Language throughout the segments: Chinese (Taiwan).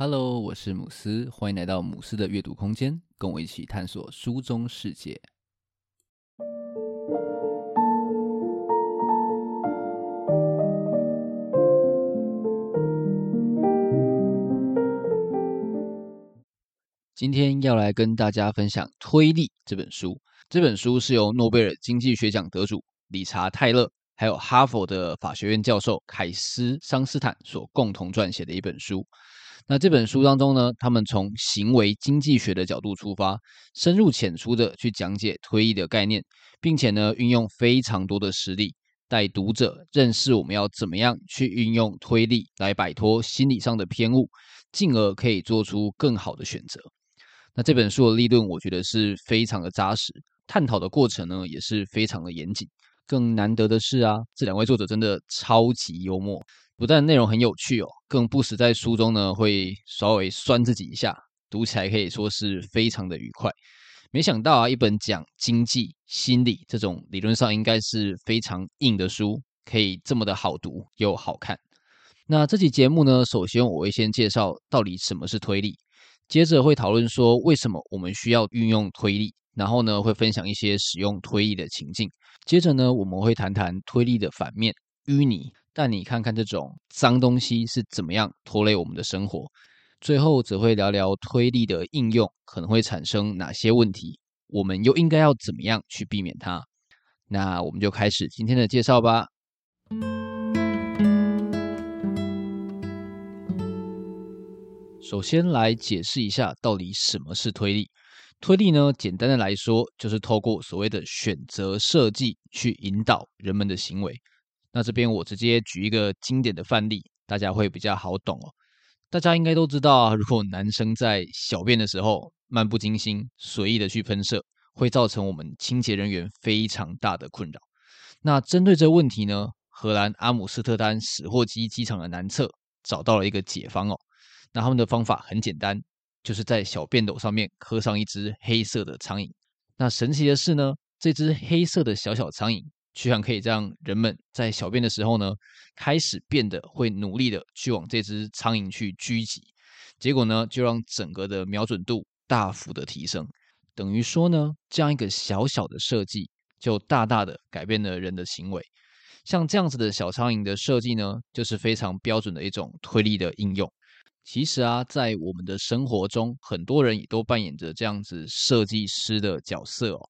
Hello，我是姆斯，歡迎來到姆斯的閱讀空間，跟我一起探索書中世界。今天要來跟大家分享《推力》這本書。這本書是由諾貝爾經濟學獎得主理查·泰勒，還有哈佛的法學院教授凱斯·桑思坦所共同撰寫的一本書。那這本書當中呢，他們從行為經濟學的角度出發，深入淺出的去講解推力的概念，並且呢，運用非常多的實例，帶讀者認識我們要怎麼樣去運用推力來擺脫心理上的偏誤，進而可以做出更好的選擇。那這本書的立論我覺得是非常的扎實，探討的過程呢也是非常的嚴謹。更難得的是啊，這兩位作者真的超級幽默。不但內容很有趣哦，更不時在書中呢會稍微酸自己一下，讀起來可以說是非常的愉快。沒想到啊，一本講經濟、心理這種理論上應該是非常硬的書，可以這麼的好讀又好看。那這期節目呢，首先我會先介紹到底什麼是推力，接着會討論說，為什麼我們需要運用推力，然後呢會分享一些使用推力的情境，接着呢我們會談談推力的反面淤泥。但你看看這種髒東西是怎麼樣拖累我們的生活，最後則會聊聊推力的應用可能會產生哪些問題，我們又應該要怎麼樣去避免它？那我們就開始今天的介紹吧。首先來解釋一下到底什麼是推力。推力呢，簡單的來說就是透過所謂的選擇設計去引導人們的行為。那這邊我直接舉一個經典的範例，大家會比較好懂哦。大家應該都知道啊，如果男生在小便的時候漫不經心、隨意的去噴射，會造成我們清潔人員非常大的困擾。那針對這個問題呢，荷蘭阿姆斯特丹史基浦機場的南側找到了一個解方哦。那他們的方法很簡單，就是在小便斗上面刻上一隻黑色的蒼蠅。那神奇的是呢，這隻黑色的小小蒼蠅。就像可以讓人們在小便的時候呢，開始變得會努力的去往這隻蒼蠅去聚集，結果呢，就讓整個的瞄準度大幅的提升。等於說呢，這樣一個小小的設計，就大大的改變了人的行為。像這樣子的小蒼蠅的設計呢，就是非常標準的一種推力的應用。其實啊，在我們的生活中，很多人也都扮演着這樣子設計師的角色哦。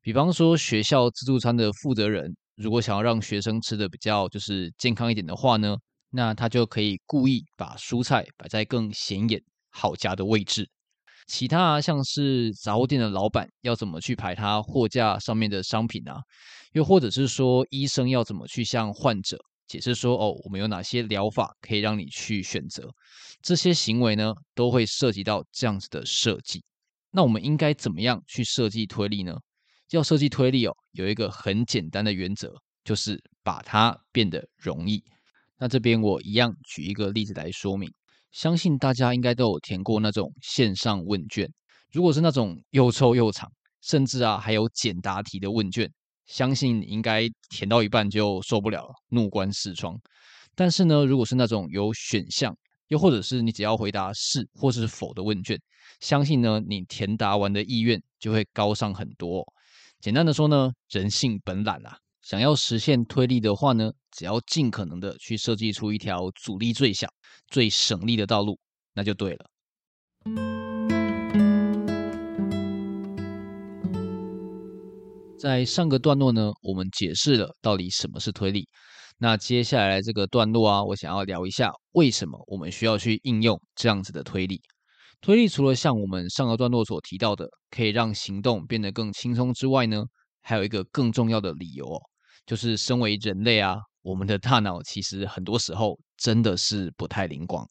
比方說，學校自助餐的負責人如果想要讓學生吃的比較就是健康一點的話呢，那他就可以故意把蔬菜擺在更顯眼好夾的位置。其他啊，像是雜貨店的老闆要怎麼去排他貨架上面的商品啊？又或者是說，醫生要怎麼去向患者解釋說，哦，我們有哪些療法可以讓你去選擇？這些行為呢，都會涉及到這樣子的設計。那我們應該怎麼樣去設計推力呢？要設計推力哦，有一個很簡單的原則，就是把它變得容易。那這邊我一樣舉一個例子來說明，相信大家應該都有填過那種線上問卷。如果是那種又臭又長，甚至啊還有簡答題的問卷，相信你應該填到一半就受不了，怒關視窗。但是呢，如果是那種有選項，又或者是你只要回答是或是否的問卷，相信呢你填答完的意願就會高上很多哦。簡單的說呢，人性本懶啊，想要實現推力的話呢，只要盡可能的去設計出一條阻力最小、最省力的道路，那就對了。在上個段落呢，我們解釋了到底什麼是推力。那接下來這個段落啊，我想要聊一下為什麼我們需要去應用這樣子的推力。推力除了像我們上個段落所提到的，可以讓行動變得更輕鬆之外呢，還有一個更重要的理由哦，就是身為人類啊，我們的大腦其實很多時候真的是不太靈光。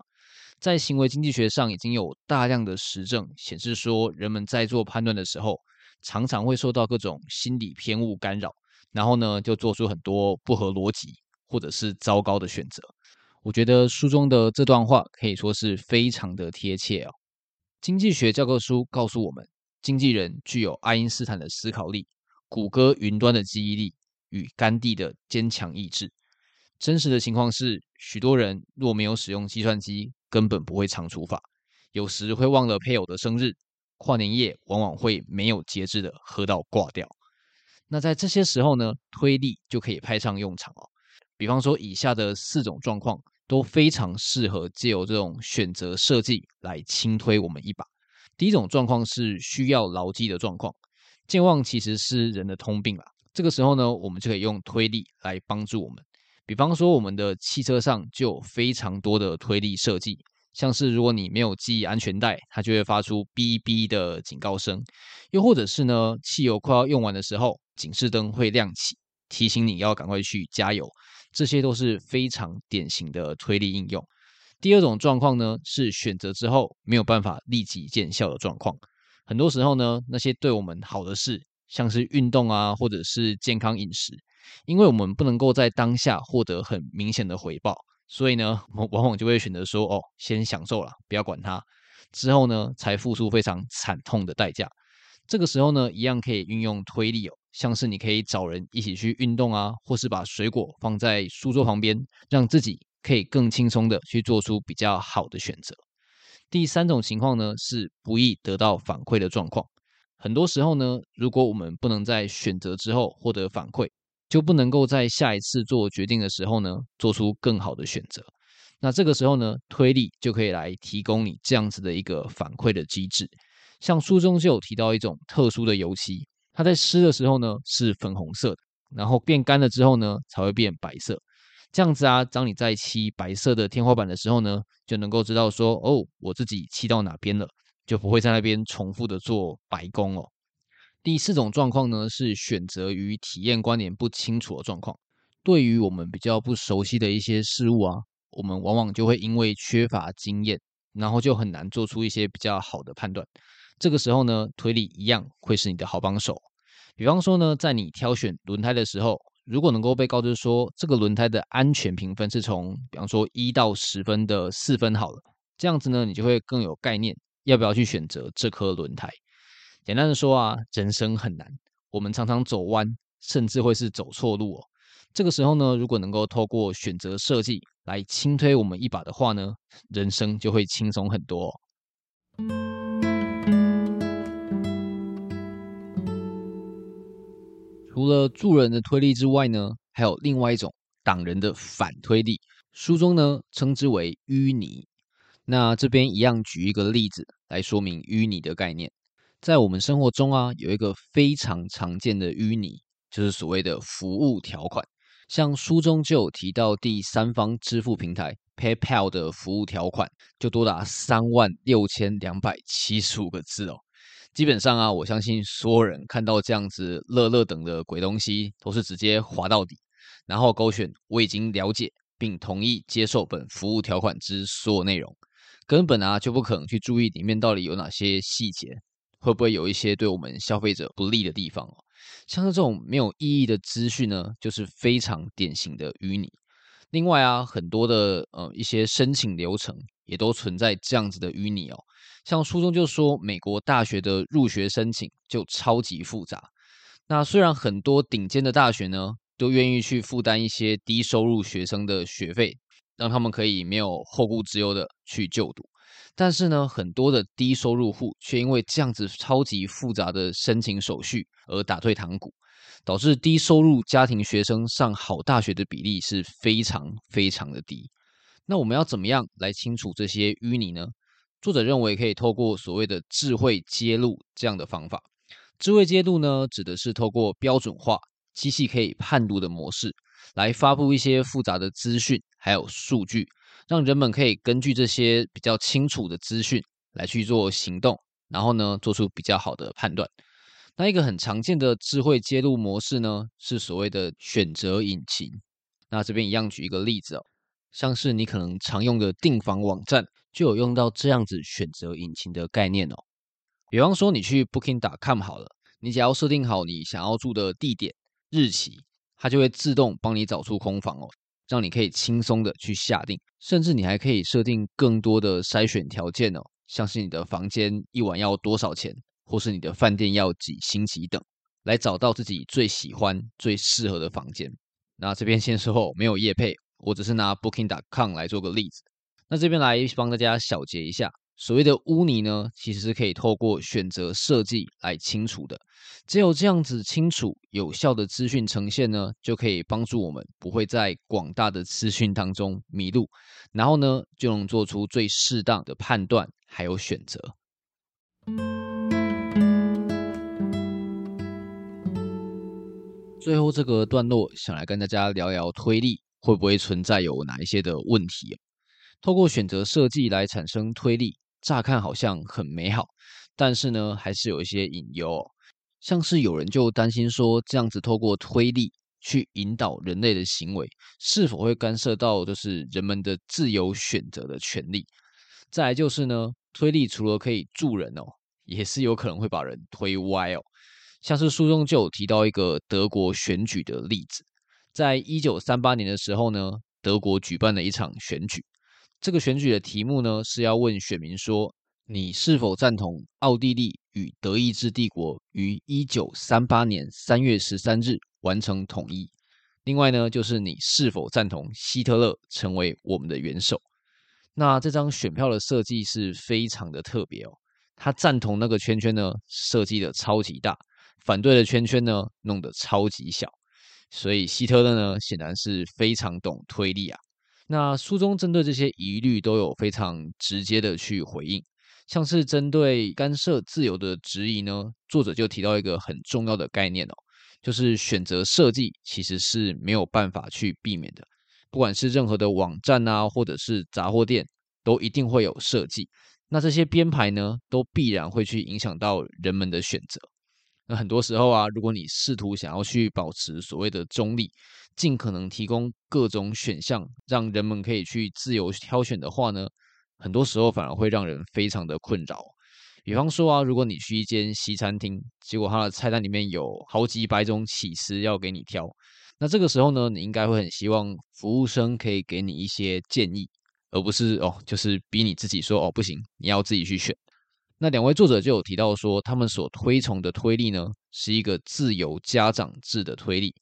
在行為經濟學上已經有大量的實證顯示說，人們在做判斷的時候，常常會受到各種心理偏誤干擾，然後呢就做出很多不合邏輯或者是糟糕的選擇。我覺得書中的這段話可以說是非常的貼切哦。經濟學教科書告訴我們，經濟人具有愛因斯坦的思考力、谷歌雲端的記憶力與甘地的堅強意志。真實的情況是，許多人若沒有使用計算機，根本不會長除法，有時會忘了配偶的生日，跨年夜往往會沒有節制的喝到掛掉。那在這些時候呢，推力就可以派上用場哦。比方說以下的四種狀況。都非常適合借由這種選擇設計來輕推我們一把。第一種狀況是需要牢記的狀況，健忘其實是人的通病啦。這個時候呢，我們就可以用推力來幫助我們。比方說，我們的汽車上就有非常多的推力設計，像是如果你沒有繫安全帶，它就會發出嗶嗶的警告聲；又或者是呢，汽油快要用完的時候，警示燈會亮起，提醒你要趕快去加油。這些都是非常典型的推力應用。第二種狀況呢，是選擇之後沒有辦法立即見效的狀況。很多時候呢，那些對我們好的事，像是運動啊，或者是健康飲食，因為我們不能夠在當下獲得很明顯的回報，所以呢，我們往往就會選擇說，哦，先享受了，不要管它，之後呢，才付出非常慘痛的代價。這個時候呢，一樣可以運用推力哦，像是你可以找人一起去運動啊，或是把水果放在書桌旁邊，讓自己可以更輕鬆的去做出比較好的選擇。第三種情況呢，是不易得到反饋的狀況。很多時候呢，如果我們不能在選擇之後獲得反饋，就不能夠在下一次做決定的時候呢，做出更好的選擇。那這個時候呢，推力就可以來提供你這樣子的一個反饋的機制。像書中就有提到一種特殊的油漆，它在濕的時候呢，是粉紅色的，然後變乾了之後呢才會變白色。這樣子啊，當你在漆白色的天花板的時候呢，就能夠知道說哦，我自己漆到哪邊了，就不會在那邊重複的做白工哦。第四種狀況呢，是選擇與體驗關聯不清楚的狀況。對於我們比較不熟悉的一些事物啊，我們往往就會因為缺乏經驗，然後就很難做出一些比較好的判斷。這個時候呢，推力一樣會是你的好幫手。比方說呢，在你挑選輪胎的時候，如果能夠被告知說這個輪胎的安全評分是從，比方說一到十分的四分好了，這樣子呢，你就會更有概念要不要去選擇這顆輪胎。簡單的說啊，人生很難，我們常常走彎，甚至會是走錯路哦。這個時候呢，如果能夠透過選擇設計來輕推我們一把的話呢，人生就會輕鬆很多哦。除了助人的推力之外呢，還有另外一種擋人的反推力，書中呢稱之為淤泥。那這邊一樣舉一個例子來說明淤泥的概念。在我們生活中啊，有一個非常常見的淤泥，就是所謂的服務條款。像書中就有提到第三方支付平台 PayPal 的服務條款，就多達三萬六千兩百七十五個字哦。基本上啊，我相信所有人看到這樣子樂樂等的鬼東西，都是直接滑到底，然後勾選我已經了解並同意接受本服務條款之所有內容，根本啊就不可能去注意裡面到底有哪些細節，會不會有一些對我們消費者不利的地方哦。像這種沒有意義的資訊呢，就是非常典型的淤泥。另外啊，很多的呃一些申請流程也都存在這樣子的淤泥哦。像書中就說，美國大學的入學申請就超級複雜。那雖然很多頂尖的大學呢，都願意去負擔一些低收入學生的學費，讓他們可以沒有後顧之憂的去就讀。但是呢，很多的低收入戶卻因為這樣子超級複雜的申請手續而打退堂鼓，導致低收入家庭學生上好大學的比例是非常非常的低。那我們要怎麼樣來清除這些淤泥呢？作者認為可以透過所謂的智慧揭露這樣的方法。智慧揭露呢，指的是透過標準化、機器可以判讀的模式，來發布一些複雜的資訊還有數據。讓人們可以根據這些比較清楚的資訊來去做行動，然後呢，做出比較好的判斷。那一個很常見的智慧揭露模式呢，是所謂的選擇引擎。那這邊一樣舉一個例子哦，像是你可能常用的訂房網站就有用到這樣子選擇引擎的概念哦。比方說，你去 Booking.com 好了，你只要設定好你想要住的地點、日期，它就會自動幫你找出空房哦。讓你可以輕鬆的去下定，甚至你還可以設定更多的篩選條件哦，像是你的房間一晚要多少錢，或是你的飯店要幾星級等，來找到自己最喜歡、最適合的房間。那這邊先說後，沒有業配，我只是拿 Booking.com 來做個例子。那這邊來幫大家小結一下。所謂的污泥呢，其實是可以透過選擇設計來清除的。只有這樣子清楚有效的資訊呈現呢，就可以幫助我們不會在廣大的資訊當中迷路，然後呢，就能做出最適當的判斷還有選擇。最後這個段落想來跟大家聊聊推力會不會存在有哪一些的問題啊。透過選擇設計來產生推力。乍看好像很美好，但是呢，還是有一些隱憂哦。像是有人就擔心說，這樣子透過推力去引導人類的行為，是否會干涉到就是人們的自由選擇的權利？再來就是呢，推力除了可以助人哦，也是有可能會把人推歪哦。像是書中就有提到一個德國選舉的例子，在一九三八年的時候呢，德國舉辦了一場選舉。這個選舉的題目呢，是要問選民說：“你是否贊同奧地利與德意志帝國於一九三八年三月十三日完成統一？”另外呢，就是你是否贊同希特勒成為我們的元首？那這張選票的設計是非常的特別哦。他贊同那個圈圈呢，設計得超級大；反對的圈圈呢，弄得超級小。所以希特勒呢，顯然是非常懂推力啊。那書中針對這些疑慮都有非常直接的去回應，像是針對干涉自由的質疑呢，作者就提到一個很重要的概念哦，就是選擇設計其實是沒有辦法去避免的，不管是任何的網站啊，或者是雜貨店，都一定會有設計。那這些編排呢，都必然會去影響到人們的選擇。那很多時候啊，如果你試圖想要去保持所謂的中立，盡可能提供各種選項，讓人們可以去自由挑選的話呢，很多時候反而會讓人非常的困擾。比方說啊，如果你去一間西餐廳，結果它的菜單裡面有好幾百種起司要給你挑，那這個時候呢，你應該會很希望服務生可以給你一些建議，而不是哦，就是逼你自己說哦，不行，你要自己去選。那兩位作者就有提到說，他們所推崇的推力呢，是一個自由家長制的推力。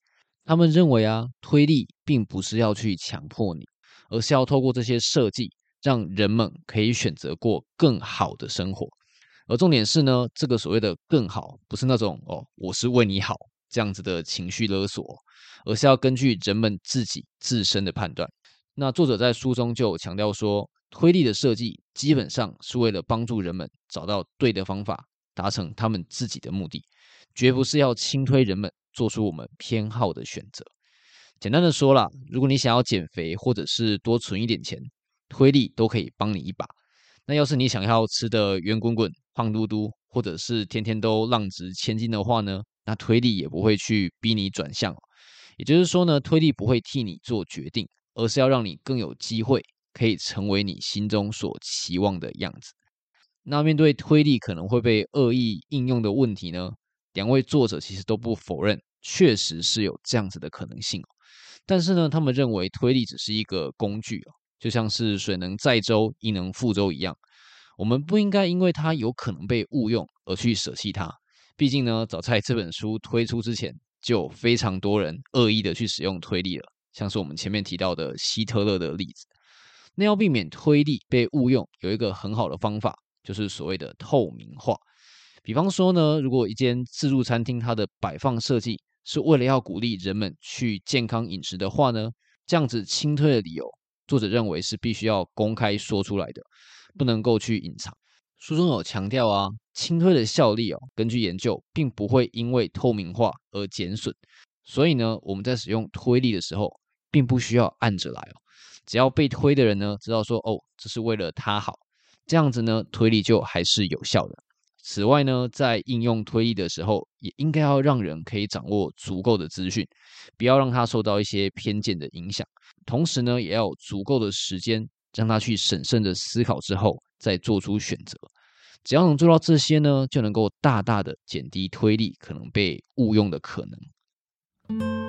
他們認為啊，推力並不是要去強迫你，而是要透過這些設計，讓人們可以選擇過更好的生活。而重點是呢，這個所謂的更好，不是那種哦，我是為你好這樣子的情緒勒索，而是要根據人們自己自身的判斷。那作者在書中就強調說，推力的設計基本上是為了幫助人們找到對的方法，達成他們自己的目的，絕不是要輕推人們。做出我們偏好的選擇。簡單的說啦，如果你想要減肥，或者是多存一點錢，推力都可以幫你一把。那要是你想要吃得圓滾滾、胖嘟嘟，或者是天天都浪擲千金的話呢，那推力也不會去逼你轉向。也就是說呢，推力不會替你做決定，而是要讓你更有機會可以成為你心中所期望的樣子。那面對推力可能會被惡意應用的問題呢？兩位作者其實都不否認，確實是有這樣子的可能性哦。但是呢，他們認為推力只是一個工具哦，就像是水能載舟，亦能覆舟一樣。我們不應該因為它有可能被誤用而去捨棄它。畢竟呢，早在這本書推出之前，就有非常多人惡意的去使用推力了，像是我們前面提到的希特勒的例子。那要避免推力被誤用，有一個很好的方法，就是所謂的透明化。比方說呢，如果一間自助餐廳它的擺放設計是為了要鼓勵人們去健康飲食的話呢，這樣子輕推的理由，作者認為是必須要公開說出來的，不能夠去隱藏。書中有強調啊，輕推的效力哦，根據研究，並不會因為透明化而減損。所以呢，我們在使用推力的時候，並不需要暗著來哦，只要被推的人呢知道說哦，這是為了他好，這樣子呢，推力就還是有效的。此外呢，在應用推力的時候，也應該要讓人可以掌握足夠的資訊，不要讓他受到一些偏見的影響。同時呢，也要有足夠的時間，讓他去審慎的思考之後再做出選擇。只要能做到這些呢，就能夠大大的減低推力可能被誤用的可能。嗯。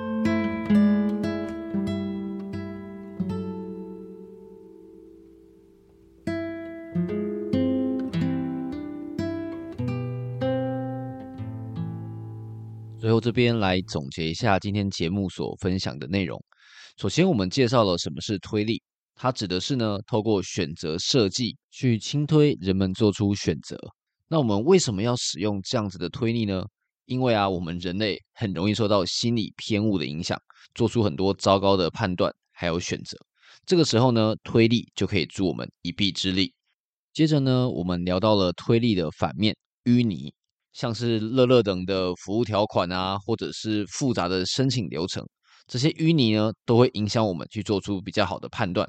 這邊來總結一下今天節目所分享的內容。首先，我們介紹了什麼是推力，它指的是呢，透過選擇設計去輕推人們做出選擇。那我們為什麼要使用這樣子的推力呢？因為啊，我們人類很容易受到心理偏誤的影響，做出很多糟糕的判斷還有選擇。這個時候呢，推力就可以助我們一臂之力。接着呢，我們聊到了推力的反面，淤泥。像是樂樂等的服務條款啊，或者是複雜的申請流程，這些淤泥呢，都會影響我們去做出比較好的判斷。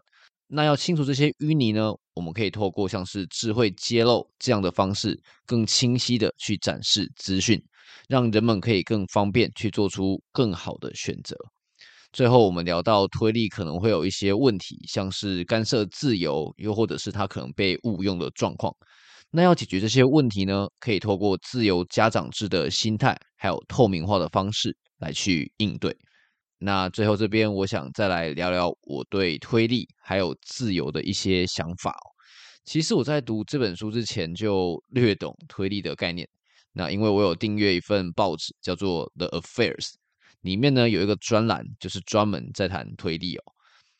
那要清除這些淤泥呢，我們可以透過像是智慧揭露這樣的方式，更清晰的去展示資訊，讓人們可以更方便去做出更好的選擇。最後，我們聊到推力可能會有一些問題，像是干涉自由，又或者是它可能被誤用的狀況。那要解決這些問題呢，可以透過自由家長制的心態，還有透明化的方式來去應對。那最後這邊，我想再來聊聊我對推力還有自由的一些想法哦。其實我在讀這本書之前就略懂推力的概念。那因為我有訂閱一份報紙叫做《The Affairs》，裡面呢有一個專欄，就是專門在談推力哦。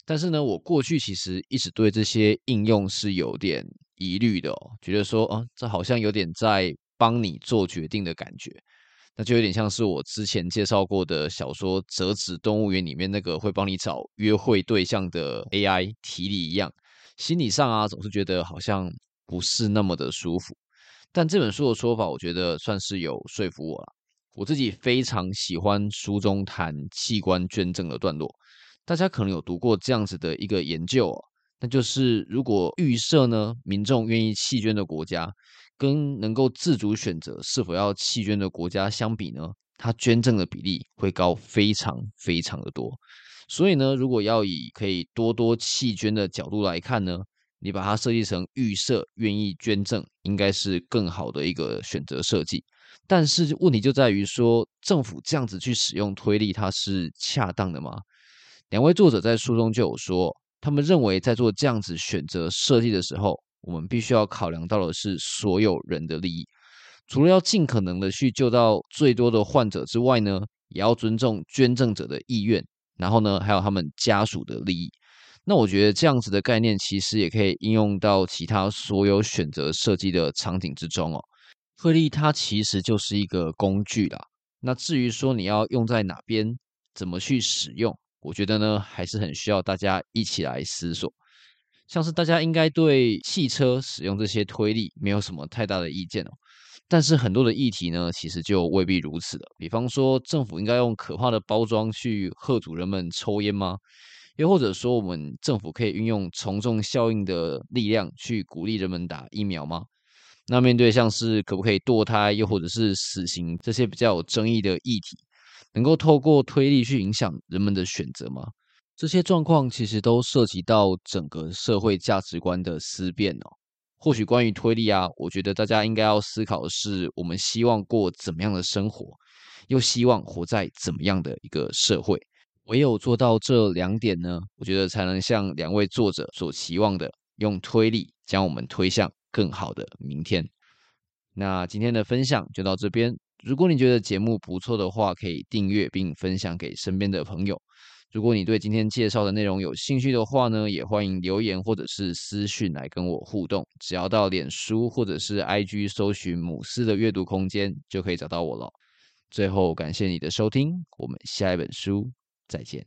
但是呢，我過去其實一直對這些應用是有點疑慮的哦，覺得說，哦、嗯，這好像有點在幫你做決定的感覺，那就有點像是我之前介紹過的小說《摺紙動物園》裡面那個會幫你找約會對象的 AI 提理一樣，心理上啊，總是覺得好像不是那麼的舒服。但這本書的說法，我覺得算是有說服我了。我自己非常喜歡書中談器官捐贈的段落，大家可能有讀過這樣子的一個研究哦。那就是，如果預設呢，民眾願意器捐的國家，跟能夠自主選擇是否要器捐的國家相比呢，它捐贈的比例會高非常非常的多。所以呢，如果要以可以多多器捐的角度來看呢，你把它設計成預設願意捐贈，應該是更好的一個選擇設計。但是問題就在於說，政府這樣子去使用推力，它是恰當的嗎？兩位作者在書中就有說。他們認為，在做這樣子選擇設計的時候，我們必須要考量到的是所有人的利益。除了要盡可能的去救到最多的患者之外呢，也要尊重捐贈者的意願，然後呢，還有他們家屬的利益。那我覺得這樣子的概念其實也可以應用到其他所有選擇設計的場景之中哦。推力它其實就是一個工具啦。那至於說你要用在哪邊，怎麼去使用？我覺得呢，還是很需要大家一起來思索。像是大家應該對汽車使用這些推力沒有什麼太大的意見哦，但是很多的議題呢，其實就未必如此了。比方說，政府應該用可怕的包裝去嚇阻人們抽煙嗎？又或者說，我們政府可以運用從眾效應的力量去鼓勵人們打疫苗嗎？那面對像是可不可以墮胎，又或者是死刑這些比較有爭議的議題，能夠透過推力去影響人們的選擇嗎？這些狀況其實都涉及到整個社會價值觀的思辨哦。或許關於推力啊，我覺得大家應該要思考的是：我們希望過怎麼樣的生活，又希望活在怎麼樣的一個社會？唯有做到這兩點呢，我覺得才能像兩位作者所期望的，用推力將我們推向更好的明天。那今天的分享就到這邊。如果你覺得節目不錯的話，可以訂閱並分享給身邊的朋友。如果你對今天介紹的內容有興趣的話呢，也歡迎留言或者是私訊來跟我互動。只要到臉書或者是 IG 搜尋“姆斯的閱讀空間”，就可以找到我了。最後，感謝你的收聽，我們下一本書再見。